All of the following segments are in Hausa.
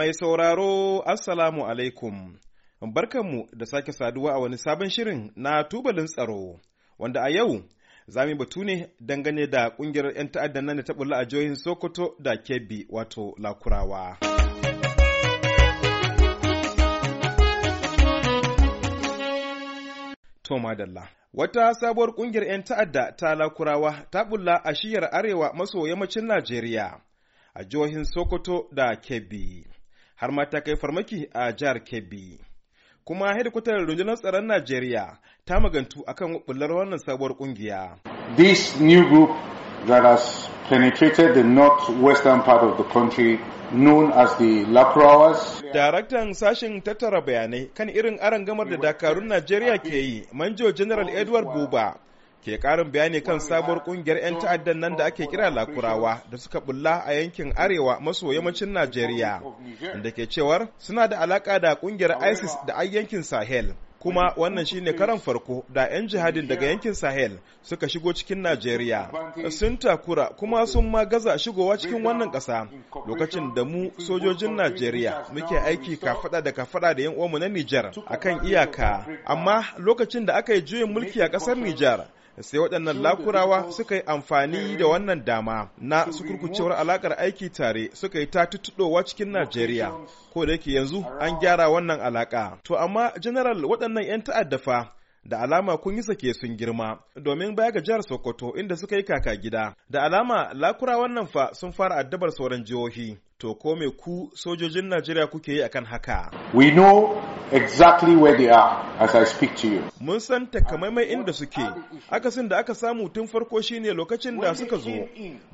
Mai sauraro Assalamu alaikum. Barkanmu da sake saduwa a wani sabon shirin na tubalin tsaro, wanda a yau za mu batu ne dangane da ƙungiyar 'yan ta'addan nan da ta a jihohin Sokoto da Kebbi wato Lakurawa. Tomadalla Wata sabuwar ƙungiyar 'yan ta'adda ta Lakurawa ta bulla a shiyar arewa maso yammacin Najeriya a jihohin Sokoto da Kebbi. har ma ta kai farmaki a jihar Kebbi. Kuma hedikwatar rundunar tsaron Najeriya ta magantu akan bullar wannan sabuwar kungiya. This new group that has penetrated the northwestern part of the country known as the Lakrawas. Daraktan sashen tattara bayanai kan irin gamar da dakarun Najeriya ke yi, Manjo General Edward Buba ke karin bayani kan sabuwar kungiyar 'yan ta'addan nan da ake kira lakurawa da suka bulla a yankin arewa maso yammacin najeriya da ke cewar suna da alaka da kungiyar isis da ayyankin sahel kuma wannan shine karan farko da 'yan jihadin daga yankin sahel suka shigo cikin najeriya sun takura kuma sun ma gaza shigowa cikin wannan ƙasa lokacin da mu sojojin najeriya muke aiki kafada da kafada da 'yan uwanmu na nijar akan iyaka amma lokacin da aka yi juyin mulki a ƙasar nijar sai waɗannan lakurawa suka yi amfani da wannan dama na su alakar aiki tare suka yi ta cikin najeriya ko da yake yanzu an gyara wannan alaka to amma general waɗannan waɗannan 'yan ta'adda fa da alama kun yi sake sun girma domin baya ga jihar Sokoto inda suka yi kaka gida da alama lakura wannan fa sun fara addabar sauran jihohi To ko mai ku sojojin Najeriya kuke yi akan haka? We know exactly where they are as I speak to you. Mun san takamaiman inda suke. Akasin da aka samu tun farko shine lokacin da suka zo.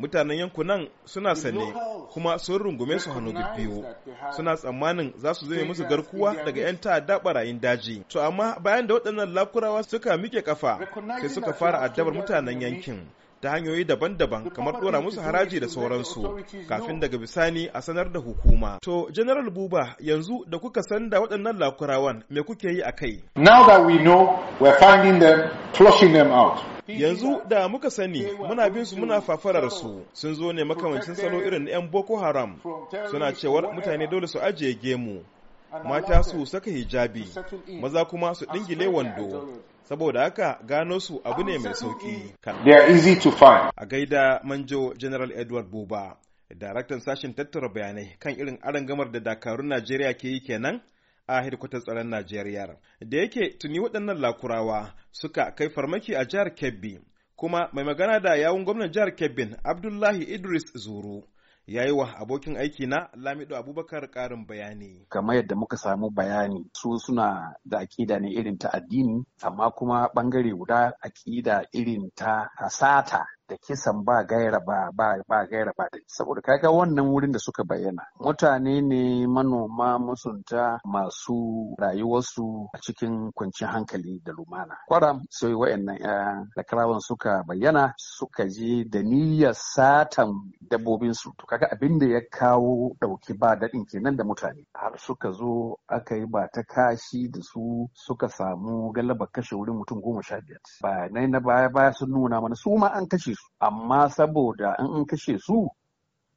Mutanen yankunan suna sane kuma sun rungume su hannu biyu. Suna tsammanin za su zame musu garkuwa daga 'yan ta'adda barayin daji. To amma bayan da waɗannan lakurawa suka mike kafa sai suka fara addabar mutanen yankin. ta hanyoyi daban-daban kamar dora musu haraji da sauransu kafin daga bisani a sanar da hukuma. To General Buba yanzu da kuka san da waɗannan lakurawan me kuke yi a kai? Now that we know we're finding them, flushing them out. yanzu da muka sani muna bin su muna fafarar su sun zo ne makamancin salo irin 'yan boko haram suna cewar mutane dole su ajiye gemu mata su saka hijabi maza kuma su dingile wando saboda haka gano su abu ne mai sauki a gaida manjo general edward buba daraktan sashen tattara bayanai kan irin gamar da dakarun najeriya ke yi kenan a hirkutar tsaron najeriya da yake tuni waɗannan lakurawa suka kai farmaki a jihar kebbi kuma mai magana da yawun gwamnan jihar kebbin abdullahi idris zuru ya yi wa abokin aiki na Lamido Abubakar ƙarin bayani. Kamar yadda muka samu bayani su suna da aƙida ne irin ta addini amma kuma ɓangare guda aƙida irin ta hasata da kisan ba gaira ba ba gaira ba da saboda kaga wannan wurin da suka bayyana mutane ne manoma musunta masu rayuwarsu a cikin kwanciyar hankali da lumana kwaram sai wayannan ya lakarawan suka bayyana suka je da niyyar satan dabbobin su to kaga abin da ya kawo dauki ba daɗin kenan da mutane har suka zo aka yi ba ta kashi da su suka samu galaba kashe wurin mutum goma sha biyar ba na baya baya sun nuna mana su ma an kashe su amma saboda in an kashe su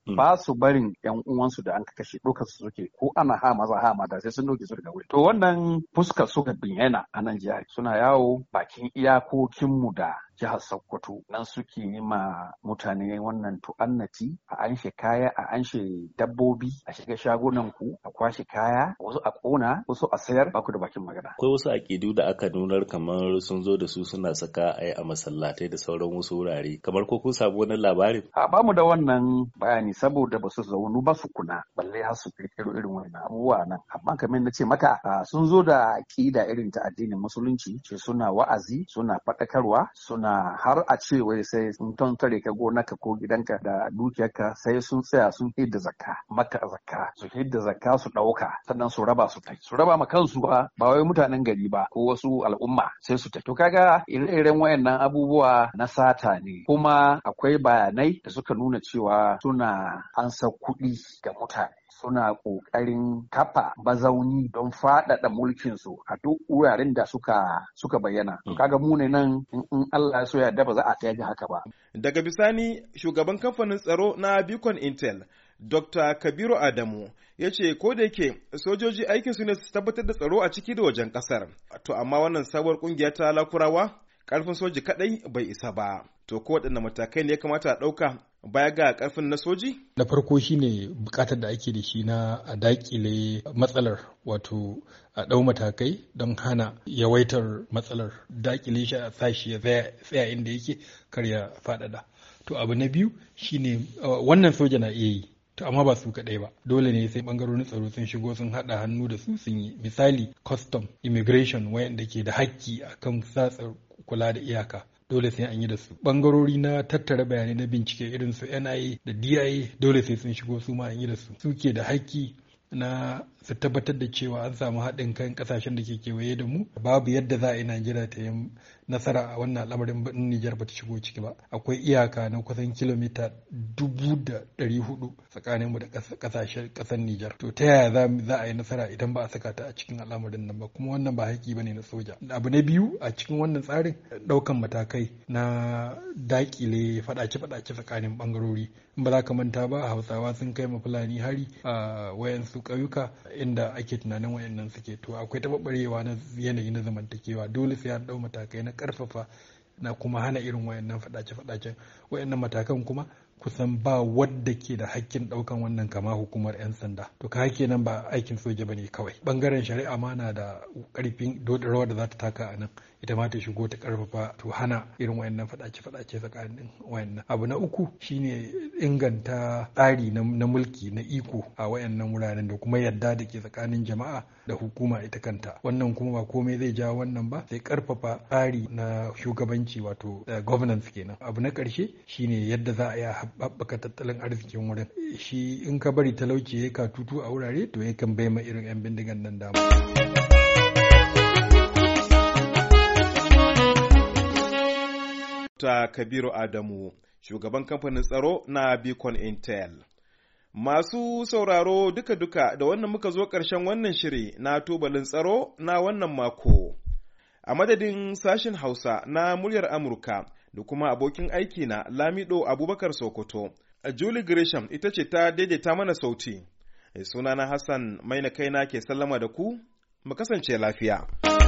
hmm. ba su barin yan uwansu da an kashe ɗaukar su suke ko ana ha maza ha mata sai sun doke su daga wuri to wannan fuska suka yana a nan jihar suna yawo bakin iyakokin mu da jihar Sokoto nan suke yi ma mutane wannan tu'annati a anshe kaya a anshe dabbobi a shiga shagunan ku a kwashe kaya wasu a kona wasu a sayar ba ku da bakin magana. Akwai wasu akidu da aka nunar kamar sun zo da su suna saka ai a masallatai da sauran wasu wurare kamar ko kun sabu wani labarin. A ba mu da wannan bayani saboda ba su zaunu ba su kuna balle har su kirkiro irin wannan abubuwa nan amma kamar na ce maka sun zo da akida irin ta addinin musulunci ce suna wa'azi suna faɗakarwa suna har a ce wai sai sun tare ka gonaka ko gidanka da dukiyarka sai sun tsaya sun hidda zakka maka zakka su hidda zakka su ɗauka sannan su raba su tafi su raba ma kansu ba ba wai mutanen gari ba ko wasu al'umma sai su tafi to kaga ire-iren wayannan abubuwa na sata ne kuma akwai bayanai da suka nuna cewa suna ansa kuɗi ga mutane suna ƙoƙarin kafa bazauni don faɗaɗa mulkinsu a duk wuraren da suka suka bayyana. To kaga mu ne nan in Allah so yarda ba za a kai haka ba. Daga bisani shugaban kamfanin tsaro na bicon Intel Dr. Kabiru Adamu ya ce ko da yake sojoji aikin su ne su tabbatar da tsaro a ciki da wajen kasar. To amma wannan sabuwar kungiya ta Lakurawa karfin soji kadai bai isa ba to ko waɗanne matakai ne ya kamata a ɗauka baya ga karfin na soji? Na farko shine bukatar da ake da shi na a dakile matsalar wato a ɗau matakai don hana yawaitar matsalar dakile shi a sashi ya tsaya inda yake kar ya faɗaɗa. To abu na biyu shine wannan soja na iya yi to amma ba su kaɗai ba dole ne sai bangarorin tsaro sun shigo sun haɗa hannu da su sun yi misali custom immigration wayanda ke da hakki akan sa kula da iyaka dole sai an yi da su bangarori na tattara bayanai na bincike irin su nia da dia dole sai sun shigo su ma an yi da su suke da haƙƙi na su tabbatar da cewa an samu haɗin kan ƙasashen da ke kewaye da mu babu yadda za a yi najeriya ta yi nasara a wannan al'amarin Nijar ba ta shigo ciki ba akwai iyaka na kusan kilomita dubu da ɗari hudu tsakaninmu da ƙasashen ƙasar Nijar to ta yaya za a yi nasara idan ba a saka ta a cikin al'amarin nan ba kuma wannan ba haƙi ba ne na soja abu na biyu a cikin wannan tsarin ɗaukan matakai na daƙile faɗace-faɗace tsakanin ɓangarori in ba za ka manta ba hausawa sun kai ma fulani hari a wayansu ƙauyuka inda ake tunanin wayannan suke to akwai taɓaɓarewa na yanayi na zamantakewa dole sai an ɗau matakai na karfafa na kuma hana irin wayannan fadace-fadacen wayannan matakan kuma kusan ba wadda ke da hakkin daukan wannan kama hukumar 'yan sanda to ka hake nan ba aikin soja bane kawai bangaren shari'a ma na da karfin rawar da za ta taka a nan ita ma ta shigo ta karfafa to hana irin wayannan fadace-fadace tsakanin wayannan abu na uku shine inganta tsari na mulki na iko a wayannan wuraren da kuma yadda da ke tsakanin jama'a da hukuma ita kanta wannan kuma ba komai zai ja wannan ba sai karfafa tsari na shugabanci wato eh, governance kenan abu na karshe shine yadda za a yi haɓaka tattalin arzikin wurin shi in ka bari talauci ya ka tutu a wurare to ya kan bai ma irin 'yan bindigan nan dama. ta Kabiru Adamu, shugaban kamfanin tsaro na Beacon Intel. Masu sauraro duka-duka da wannan muka zo ƙarshen wannan shiri na tubalin tsaro na wannan mako. A madadin sashen Hausa na muryar Amurka da kuma abokin aiki na Lamido Abubakar Sokoto, Julie Gresham ita ce ta daidaita mana sauti. Sunana Hassan mai na kaina ke sallama da ku, mu kasance lafiya.